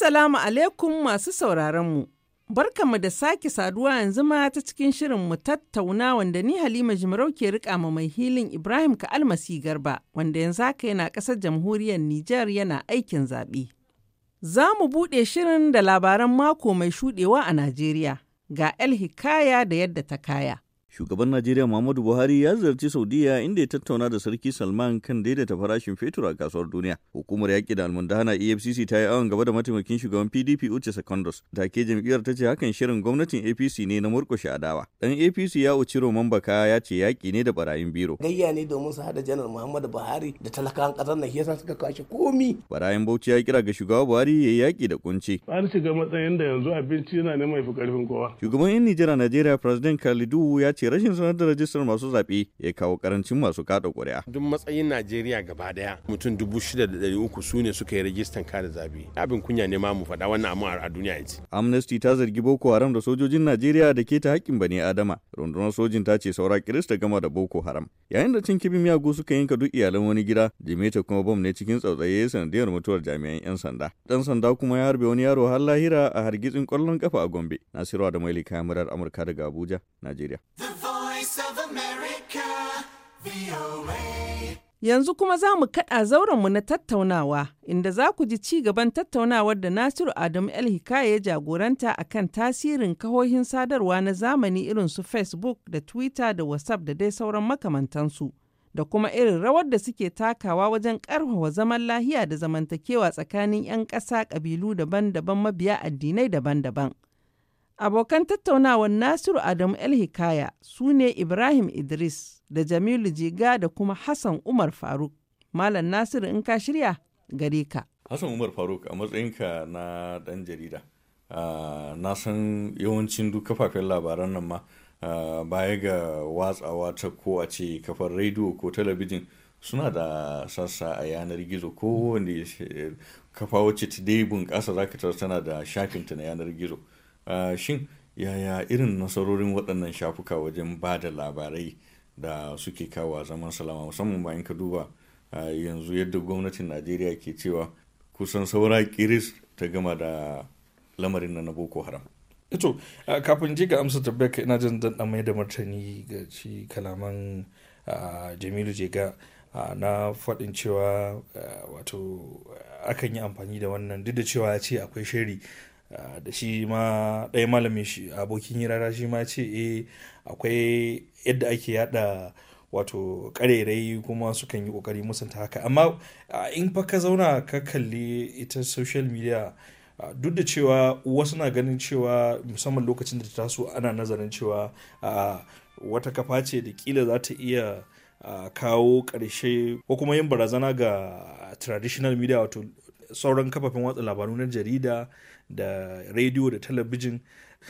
Assalamu alaikum masu sauraronmu. mu da sake saduwa yanzu ma ta cikin shirin mu tattauna wanda ni Halima Jimarau ke rika ma mai hilin Ibrahim ka almasi Garba wanda yanzu haka yana ƙasar jamhuriyar Nijar yana aikin zaɓe. Za mu buɗe shirin da labaran mako mai shuɗewa a Najeriya ga El Hikaya da yadda ta kaya. Shugaban Najeriya Muhammadu Buhari ya ziyarci Saudiya inda ya tattauna da Sarki Salman kan daidaita farashin fetur a kasuwar duniya. Hukumar yaƙi da almundahana EFCC ta yi awon gaba da mataimakin shugaban PDP Uche Secondos. ke jam'iyyar ta ce hakan shirin gwamnatin APC ne na murƙushe adawa. Dan APC ya uci Roman Baka ya ce yaƙi ne da barayin biro. Gayya ne domin su hada janar Muhammadu Buhari da talakawan ƙasar na hiyasa suka kashe komi. Barayin Bauchi ya kira ga shugaba Buhari ya yi yaƙi da kunci. An shiga matsayin da yanzu abinci yana neman fi ƙarfin kowa. Shugaban 'yan Nijar Najeriya President Kalidu ya ce ce rashin sanar da rajistar masu zaɓe ya kawo karancin masu kada ƙuri'a. Duk matsayin Najeriya gaba daya mutum dubu shida da ɗari uku su ne suka yi rajistan kada zaɓe. Abin kunya ne ma mu faɗa wannan amma a duniya yanzu. Amnesty ta zargi Boko Haram da sojojin Najeriya da ke ta haƙƙin bani Adama. Rundunar sojin ta ce saura Kirista gama da Boko Haram. Yayin da cin kibin miyagu suka yanka duk iyalan wani gida, Jimeta kuma bom ne cikin tsautsaye sanadiyar mutuwar jami'an 'yan sanda. Ɗan sanda kuma ya harbe wani yaro har lahira a hargitsin ƙwallon kafa a Gombe. Nasiru da Maili kayan murar Amurka daga Abuja, Najeriya. Yanzu kuma za mu kaɗa zaurenmu na tattaunawa, inda za ku ji ci gaban tattaunawar da Nasiru Adamu El Hikaya ya jagoranta akan tasirin kahohin sadarwa na zamani irin su Facebook da Twitter da WhatsApp da dai sauran makamantansu, da kuma irin rawar da suke takawa wajen ƙarfafa zaman lahiya da zamantakewa tsakanin 'yan ƙasa ƙabilu daban-daban mabiya addinai daban-daban. Abokan tattaunawar Nasiru Adamu El-Hikaya su ne Ibrahim Idris da Jamilu Jiga da kuma Hassan Umar Faruk. Malam Nasiru in ka shirya gare ka. Hassan Umar Faruk a matsayinka na ɗan jarida. na san yawancin duk kafafen labaran nan ma baya ga watsawa ta ko a ce kafar rediyo ko talabijin suna da sassa a yanar gizo ko wanda eh, kafa wacce ta dai bunƙasa zaka tana da shafinta na yanar gizo. shin yaya irin nasarorin waɗannan shafuka wajen ba da labarai da suke kawo zaman salama musamman bayan ka duba yanzu yadda gwamnatin najeriya ke cewa kusan saura kiris ta gama da lamarin na boko haram ito eh kafin ji ga amsa tabbiyar ka ina jin dan mai da martani ga ci kalaman jamilu jega na faɗin cewa wato akan yi amfani da wannan duk da cewa ya ce akwai shiri Ah, da shi ma ɗaya malami shi abokin hirara shi ma ce e akwai yadda ake yada wato karerai kuma sukan yi kokari musanta haka amma ah, in fa ka zauna ka kalli ita social media ah, duk da cewa wasu na ganin cewa musamman lokacin da ta taso ana nazarin cewa wata kafa ce da kila za ta iya kawo ƙarshe ko kuma yin barazana ga traditional media wato sauran kafafen watsa labaru na jarida da rediyo da talabijin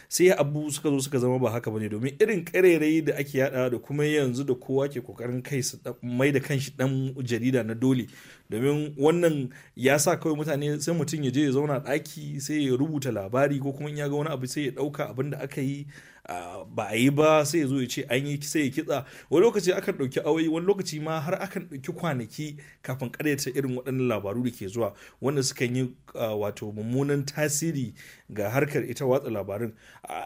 sai abu suka zo suka zama ba haka bane domin irin karerai da ake yada da kuma yanzu da kowa ke kokarin kai su mai da kanshi dan jarida na dole domin wannan ya sa kawai mutane sai mutum ya je ya zauna ɗaki sai ya rubuta labari ko kuma in ya ga wani abu sai ya dauka abin da aka yi ba a yi ba sai ya zo ya ce an yi sai ya kitsa wani lokaci akan ɗauki awai wani lokaci ma har akan ɗauki kwanaki kafin ƙaryata irin waɗannan labaru da ke zuwa wanda suka yi wato mummunan tasiri ga harkar ita watsa labarin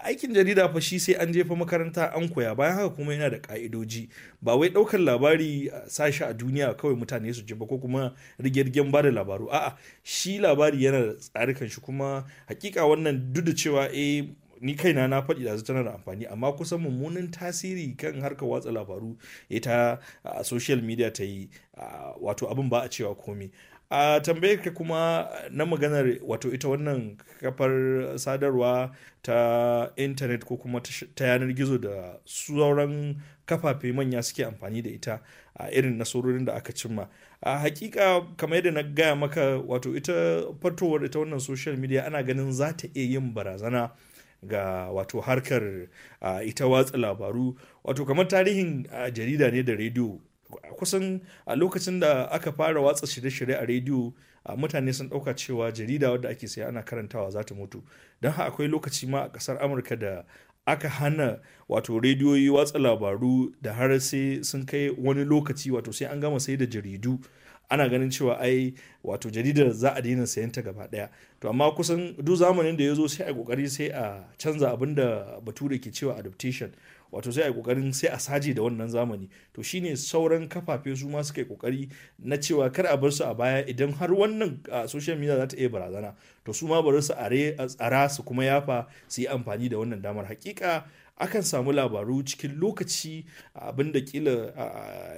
aikin jarida fa shi sai an jefa makaranta an koya bayan haka kuma yana da ƙa'idoji ba wai ɗaukar labari sashi a duniya kawai mutane su ji ba ko kuma rigirgen ba labaru a'a shi labari yana da tsarikan shi kuma hakika wannan duk da cewa eh ni kaina na faɗi da tana da amfani amma kusan mummunan tasiri kan harkar watsa labaru ita a social media ta yi wato abin ba a cewa komi a tambayar ka kuma na maganar wato ita wannan kafar sadarwa ta intanet ko kuma ta yanar gizo da sauran kafafe manya suke amfani da ita a irin nasarorin da aka cimma a hakika kamar yadda na gaya maka wato ita fatowar ita wannan social media ana ganin za ta iya yin barazana ga wato harkar ita watsa labaru wato kamar tarihin jarida ne da rediyo kusan a lokacin da aka fara watsa shirye-shirye a rediyo a mutane sun dauka cewa jarida wadda ake saya ana karantawa za ta mutu don ha akwai lokaci ma a kasar amurka da aka hana wato rediyoyi watsa labaru da har sai sun kai wani lokaci wato sai an gama sai da jaridu ana ganin cewa ai wato jaridar za a daina sayan ta gaba daya to amma kusan duk zamanin da ya zo sai a kokari sai a canza abin da bature ke cewa adaptation wato sai a yi kokarin sai a saje da wannan zamani to shine sauran kafafe su ma suka yi kokari na cewa kar a bar su a baya idan har wannan social media za ta iya barazana to su ma bari su are tsara su kuma yafa su yi amfani da wannan damar hakika akan samu labaru cikin lokaci abinda kila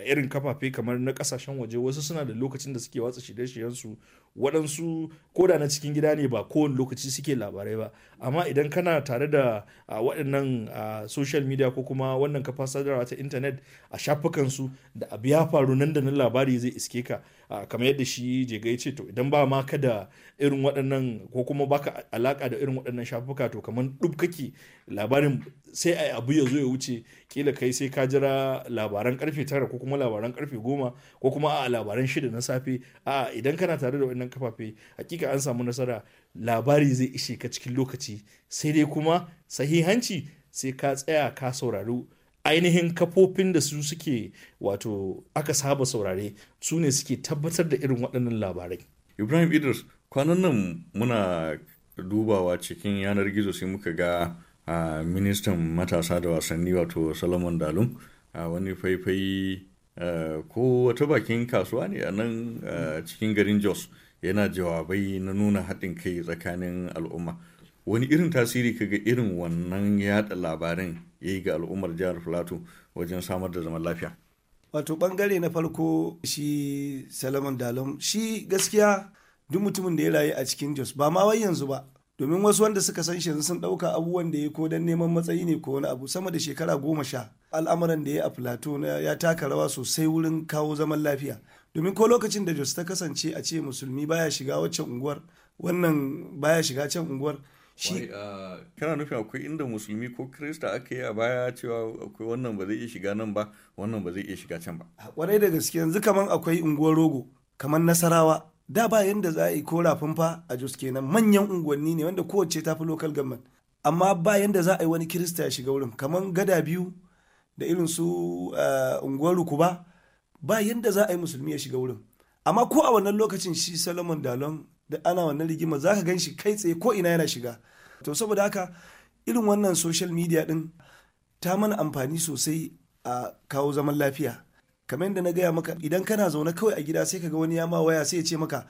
irin kafafe kamar na kasashen waje wasu suna da lokacin da suke watsa shirye-shiryensu waɗansu koda na cikin gida ne ba kowane lokaci suke labarai ba amma idan kana tare da waɗannan social media ko kuma wannan kafa sadarwa ta intanet a shafukansu da abu ya faru nan da nan labari zai iske ka Ah, kamar yadda shi jega ya ce to idan ba ma ka da irin waɗannan ko kuma baka alaka da irin waɗannan shafuka to kamar duk kake labarin sai a abu ya zo ya wuce kila kai sai ka jira labaran karfe tara ko kuma labaran karfe goma ko kuma a labaran shida na safe a idan kana tare da wannan kafafe hakika an samu nasara labari zai ishe ka cikin lokaci sai dai kuma sahihanci sai ka tsaya ka saurari ainihin kafofin da su suke wato aka saba saurare su ne suke tabbatar da irin waɗannan labarai ibrahim idris kwanan nan muna dubawa cikin yanar gizo sai muka ga a ministan matasa da wasanni wato solomon dalum a wani faifai ko wata bakin kasuwa ne a nan cikin garin jos yana jawabai na nuna haɗin kai tsakanin al'umma wani irin tasiri kaga irin wannan yada labarin ya yi ga al'ummar jihar filato wajen samar da zaman lafiya wato bangare na farko shi salaman dalam shi gaskiya duk mutumin da ya rayu a cikin jos ba ma wai yanzu ba domin wasu wanda suka san shi sun dauka abubuwan da ya ko dan neman matsayi ne ko wani abu sama da shekara goma sha al'amuran da ya a plateau ya taka rawa sosai wurin kawo zaman lafiya domin ko lokacin da jos ta kasance a ce musulmi baya shiga waccan unguwar wannan baya shiga can unguwar shi uh, kana nufin akwai inda musulmi ko krista aka yi a baya cewa akwai wannan ba zai iya shiga nan ba wannan ba zai iya shiga can ba kwarai da gaske yanzu kaman akwai unguwar rogo kaman nasarawa da ba yanda za a yi ko rafin fa a jos kenan manyan unguwanni ne wanda kowace ta fi lokal government amma ba yanda za a yi wani kirista ya shiga wurin kaman gada biyu da irin su uh, unguwar rukuba ba yanda za a yi musulmi ya shiga wurin amma ko a wannan lokacin shi salomon dalon da ana wannan rigima za ka gan shi kai tsaye ko ina yana shiga to saboda haka irin wannan social media din ta mana amfani sosai a kawo zaman lafiya kamar yadda na gaya maka idan kana zaune kawai a gida sai ka ga wani ya ma waya sai ya ce maka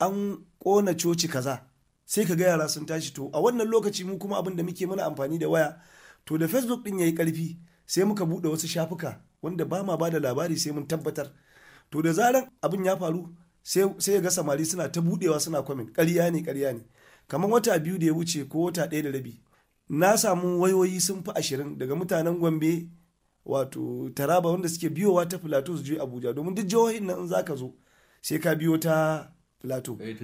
an kona coci kaza sai ka ga yara sun tashi to a wannan lokaci mu kuma abin da muke mana amfani da waya to da facebook din yi karfi sai muka buɗe wasu shafuka wanda ba ma ba da labari sai mun tabbatar to da zaran abin ya faru sai ga samari suna ta budewa suna kwamin karya ne karya ne kamar wata biyu da ya wuce ko wata ɗaya da rabi na samu wayoyi sun fi ashirin daga mutanen gombe wato taraba wanda suke biyowa ta filato su je abuja domin duk jihohin nan in za ka zo sai ka biyo ta filato eh,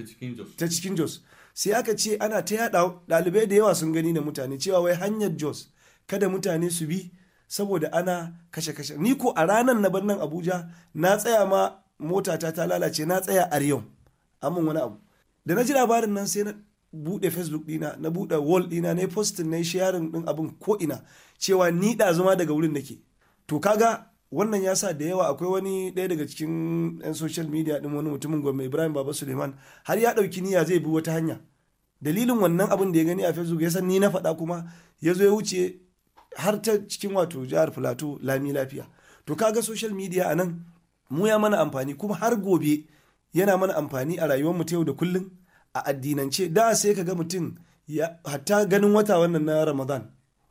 ta cikin jos sai aka ce ana ta yaɗa ɗalibai da yawa sun gani da mutane cewa wai hanyar jos kada mutane su bi saboda ana kashe-kashe ni ko a ranar na bar abuja na tsaya ma motata ta lalace na tsaya a yau amin wani abu da na ji labarin nan sai na buɗe facebook dina na buɗe wall dina na postin na sharing din abin ko ina cewa ni zama daga wurin nake to kaga wannan ya sa da yawa akwai wani ɗaya daga cikin 'yan social media ɗin wani mutumin gwamna ibrahim baba suleiman har ya ɗauki niyya zai bi wata hanya dalilin wannan abin da ya gani a facebook ya san ni na faɗa kuma ya zo ya wuce har ta cikin wato jihar plateau lami lafiya to kaga social media a nan mu ya mana amfani kuma har gobe yana mana amfani a rayuwar mu ta yau da kullum a addinance da sai ka ga mutum hatta ganin wata wannan na ramadan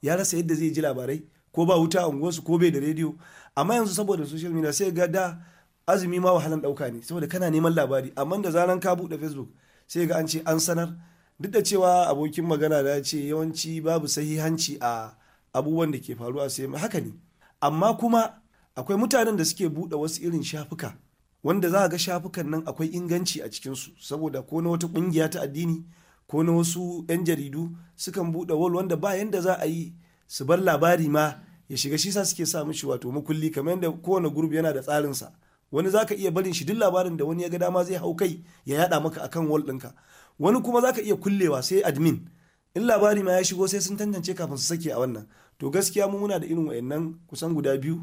ya rasa yadda zai ji labarai ko ba wuta a unguwarsu ko bai da rediyo amma yanzu saboda social media sai ga da azumi ma wahalan dauka ne saboda kana neman labari amma da zaran ka buɗe facebook sai ga an ce an sanar duk da cewa abokin magana da ce yawanci babu sahihanci a abubuwan da ke faruwa sai haka ne amma kuma akwai mutanen da suke buɗe wasu irin shafuka wanda za a ga shafukan nan akwai inganci a cikinsu saboda ko na wata ƙungiya ta addini ko na wasu 'yan jaridu sukan buɗe wal wanda ba yanda za a yi su bar labari ma ya shiga shi sa suke sa mishi wato makulli kamar yadda kowane gurbi yana da sa wani za iya barin shi duk labarin da wani ya ga dama zai hau kai ya yaɗa maka akan wal ɗinka wani kuma zaka iya kullewa sai admin in labari ma ya shigo sai sun tantance kafin su sake a wannan to gaskiya mu muna da irin wayannan kusan guda biyu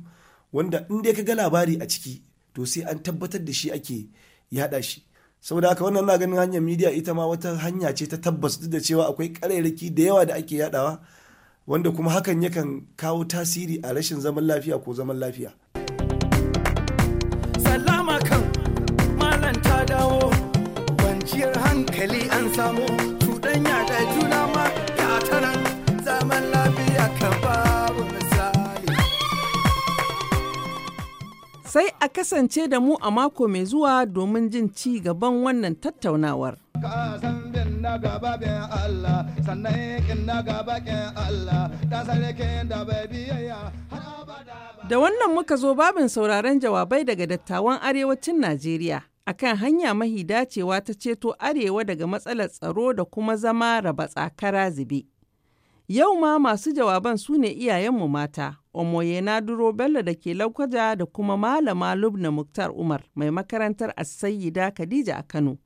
wanda in dai ka ga labari a ciki to sai an tabbatar da shi ake yada shi saboda haka wannan na ganin hanyar media ita ma wata hanya ce ta tabbas duk da cewa akwai ƙarairaki da yawa da ake yadawa wanda kuma hakan yakan kawo tasiri a rashin zaman lafiya ko zaman lafiya salama kan malam ta dawo kwanciyar hankali an samu Sai a kasance da mu a mako mai zuwa domin jin ci gaban wannan tattaunawar. da wannan muka zo babin sauraron jawabai daga dattawan arewacin Najeriya. akan hanya mahi dacewa ta ceto arewa daga matsalar tsaro da kuma zama raba tsakara zube. Yau ma masu jawaban su ne iyayenmu mata, Omoyena Duro Bello da ke Laukwaja da kuma Malama Lubna Muktar Umar mai makarantar Asayida Khadija a Kano.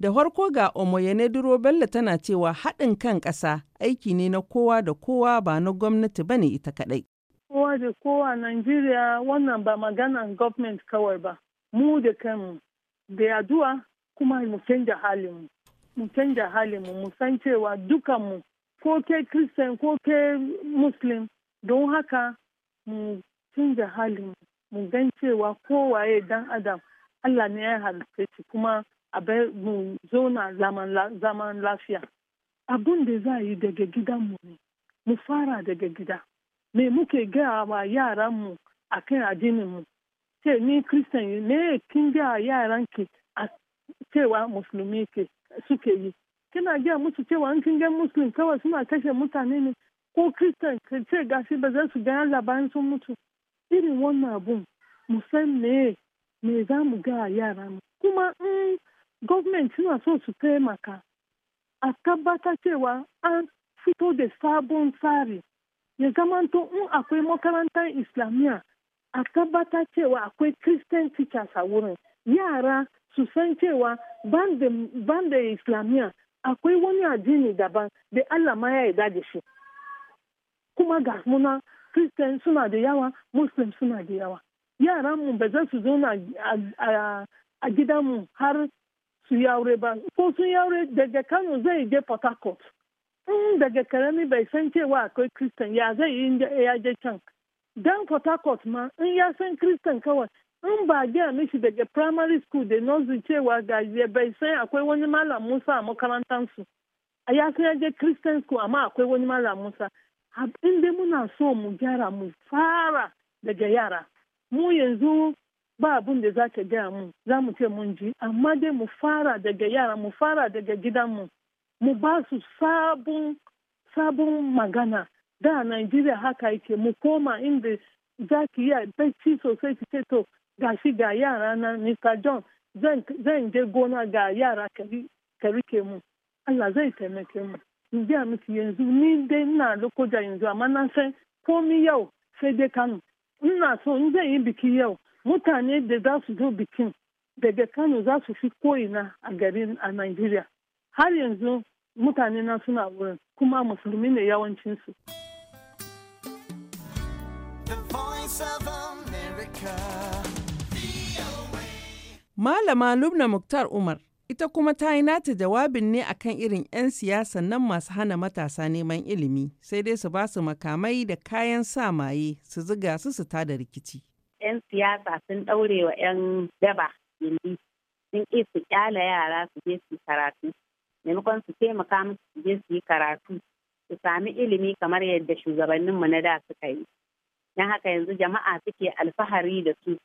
Da farko ga Omoyene Duro Bello tana cewa haɗin kan ƙasa aiki ne na kowa da kowa ba na gwamnati ba ne ita kaɗai. Kowa da kowa nigeria wannan ba maganan government kawai ba. Mu da kanmu da yaduwa kuma mu canja halinmu. Mu canja halinmu mu san cewa dukanmu ko ke kristen ko ke Muslim don haka mu canza halin mu gan cewa kowaye dan Adam Allah ne ya halitta shi kuma a mu zauna zaman lafiya. Abun da za yi daga gidanmu ne, mu fara daga gida. Me muke gaya wa yaranmu a kan addininmu? Ce ni kristen ne kin gaya yaranki a cewa musulmi suke yi. kina gaya musu cewa in kin ga muslim kawai suna kashe mutane ne ko kristan ka ce gashi ba za su gaya labarin sun mutu irin wannan abun mu san me me za mu ga yara mu kuma in gwamnati suna so su taimaka a tabbata cewa an fito da sabon tsari ya zamanto in akwai makarantar islamiyya a tabbata cewa akwai christian teachers a wurin yara su san cewa ban da islamiyya akwai wani addini daban da Allah ma ya yarda da shi kuma ga muna Christian suna da yawa Muslim suna da yawa yaran mu ba za su na a gidanmu har su yaure ba ko sun yaure daga Kano zai je Port Harcourt in daga karami bai san cewa akwai Christian ya zai yi ya je can dan Port Harcourt ma in ya san Christian kawai mba gị amechibege praịmarị skuul dị n'ozu chewa gazie bese akwewonye mala musa a makaranta nsu ya asinyaje kristian skuul ama akwewonye mala musa inda muna so mu gyara mu fara daga yara mụ yanzu ba abin da za ka gaya mu za mu ce mun ji amma dai fara daga yara mu fara daga gidanmu mu ba su sabon sabon magana da a Najeriya haka yake mu koma inda za ki yi bacci sosai ga shi ga yara na Mr. John zan je gona ga yara ka rike mu. Allah zai taimake mu. In biya miki yanzu ni dai ina lokoja yanzu amma na san komi yau sai dai Kano. nna so in zan yi biki yau mutane da za su zo bikin daga Kano za su fi ko'ina a garin a Najeriya. Har yanzu mutane na suna wurin kuma musulmi ne yawancinsu. The voice of Malama Lubna Muktar Umar ita kuma ta yi nata jawabin ne akan irin 'yan siyasa nan masu hana matasa neman ilimi sai dai su ba su makamai da kayan sa maye su ziga su su tada rikici. 'Yan siyasa sun ɗaure wa 'yan daba gindi sun ƙi su ƙyala yara su je su karatu maimakon su taimaka musu su je su yi karatu su sami ilimi kamar yadda shugabanninmu na da suka yi. don haka yanzu jama'a suke alfahari da su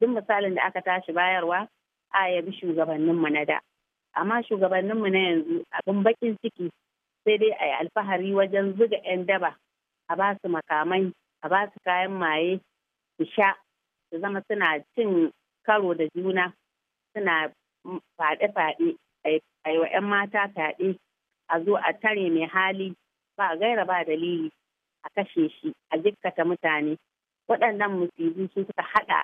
duk misalin da aka tashi bayarwa a yabi mu na da amma shugabanninmu na yanzu abin bakin ciki sai dai a yi alfahari wajen zuga 'yan daba a ba su makamai a ba su kayan maye su sha su zama suna cin karo da juna suna faɗe-faɗe a yi wa 'yan mata fyaɗe a zo a tare mai hali ba gaira ba dalili a kashe shi a jikkata mutane waɗannan musibu sun suka haɗa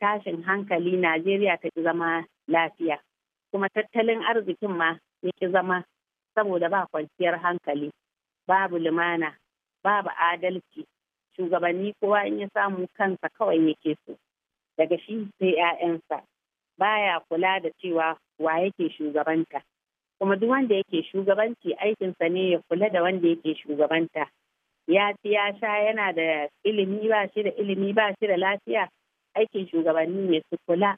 tashin hankali najeriya ta ki zama lafiya kuma tattalin arzikin ma ya ƙi zama saboda ba kwanciyar hankali babu lumana babu adalci shugabanni kowa in ya samu kansa kawai yake so daga shi sai 'ya'yansa baya kula da cewa wa yake shugabanta kuma duk wanda yake shugabanci aikinsa ne ya kula da wanda yake shugabanta ya ci ya sha yana da ilimi ba shi da ilimi ba shi da lafiya aikin shugabanni ne su kula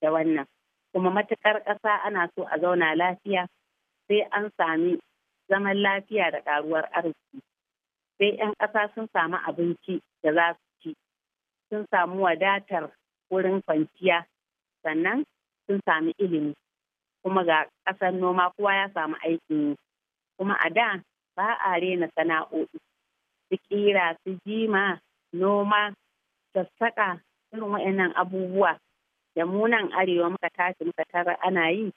da wannan kuma matukar ƙasa ana so a zauna lafiya sai an sami zaman lafiya da ƙaruwar arziki sai 'yan ƙasa sun samu abinci da za su ci sun samu wadatar wurin kwanciya sannan sun sami ilimi kuma ga ƙasar noma kowa ya samu aikin yi kuma a da ba a rena sana'o'i su kira su jima noma sassaƙa irin wa'annan abubuwa da munan arewa muka tashi muka tara ana yi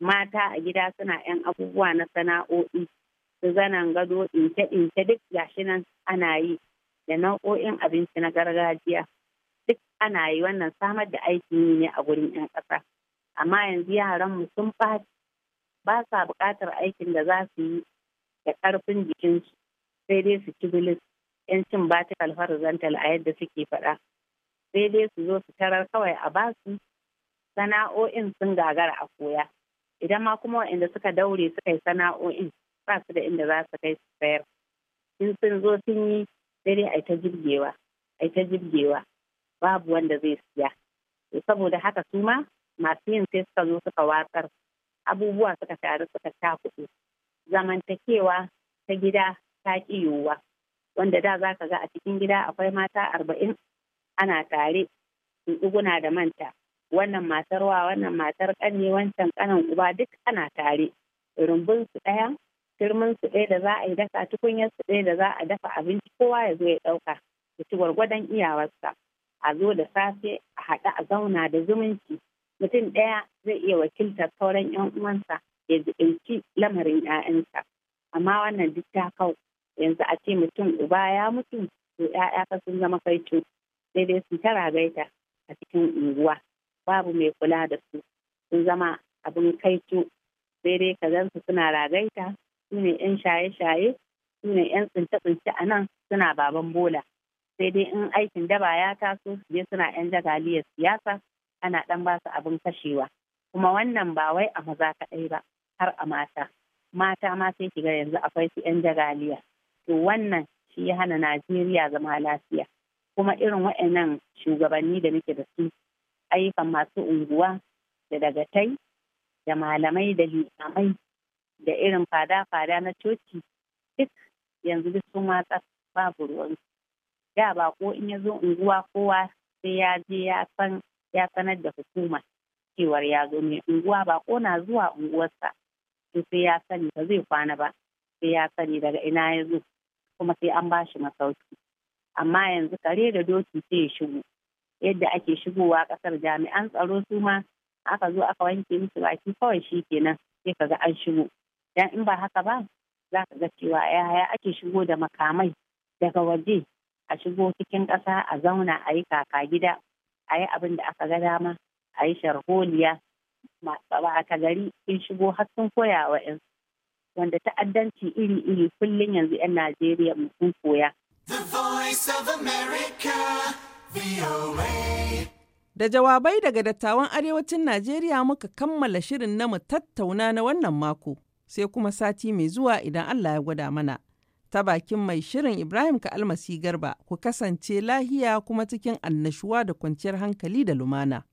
mata a gida suna 'yan abubuwa na sana'o'i su zanen gado ince ince duk gashi nan ana yi da nau'o'in abinci na gargajiya duk ana yi wannan samar da aikin yi ne a gurin 'yan ƙasa amma yanzu yaran mu sun ba sa buƙatar aikin da za su yi da ƙarfin jikinsu sai dai su ci bilis yancin ba ta a yadda suke faɗa sai dai su zo su tarar kawai a basu sana'o'in sun gagara a koya idan ma kuma waɗanda suka daure suka yi sana'o'in ba su da inda za su kai su sayar in sun zo sun yi sai dai ai ta jirgewa ai ta jirgewa babu wanda zai siya saboda haka su ma masu yin sai suka zo suka watsar abubuwa suka taru suka ta kuɗi zamantakewa ta gida ta ƙi yiwuwa wanda da za ka ga a cikin gida akwai mata arba'in ana tare tsuguna da manta wannan matar wa wannan matar ƙanne wancan ƙanan uba duk ana tare rumbun su ɗaya firmin su ɗaya da za a yi dafa tukunyar su ɗaya da za a dafa abinci kowa ya zo ya ɗauka ya ci gwargwadon iyawarsa a zo da safe a haɗa a zauna da zumunci mutum ɗaya zai iya wakiltar sauran 'yan uwansa ya jiɓinci lamarin 'ya'yansa amma wannan duk ta kau yanzu a ce mutum uba ya mutu to ya'ya fa sun zama kaicu sai dai su tara gaita a cikin unguwa babu mai kula da su sun zama abin kaicu sai dai ka gansu suna ragaita su ne yan shaye-shaye su ne yan tsince-tsince a nan suna baban bola sai dai in aikin daba ya taso sai suna yan jagaliyar siyasa ana dan ba su abin kashewa kuma wannan ba wai a maza kaɗai ba har a mata mata ma sai shiga yanzu akwai su yan jagaliya to wannan shi ya hana najeriya zama lafiya kuma irin waɗannan shugabanni da nake da su ayyukan masu unguwa da dagatai da malamai da limamai da irin fada-fada na coci duk yanzu duk sun matsa babu ruwan da ba ko in ya zo unguwa kowa sai ya je ya san sanar da hukuma cewar ya zo mai unguwa ba ko na zuwa unguwarsa sai ya sani ba zai kwana ba sai ya sani daga ina ya zo kuma sai an ba shi masauki amma yanzu kare da doki sai ya shigo yadda ake shigowa ƙasar jami'an tsaro su ma aka zo aka wanke musu baki kawai shi kenan sai ka ga an shigo dan in ba haka ba za ka ga cewa yaya ake shigo da makamai daga waje a shigo cikin ƙasa a zauna a yi kaka gida a yi abin da aka ga dama a yi sharholiya ba a gari in shigo har sun koya wa 'yan wanda ta'addanci iri-iri kullum yanzu 'yan Najeriya mutum koya. Da jawabai daga dattawan arewacin Najeriya muka kammala shirin na mu tattauna na wannan mako, sai kuma sati mai zuwa idan Allah ya gwada mana. Ta bakin mai shirin Ibrahim Ka'almasi Garba, ku kasance lahiya kuma cikin annashuwa da kwanciyar hankali da lumana.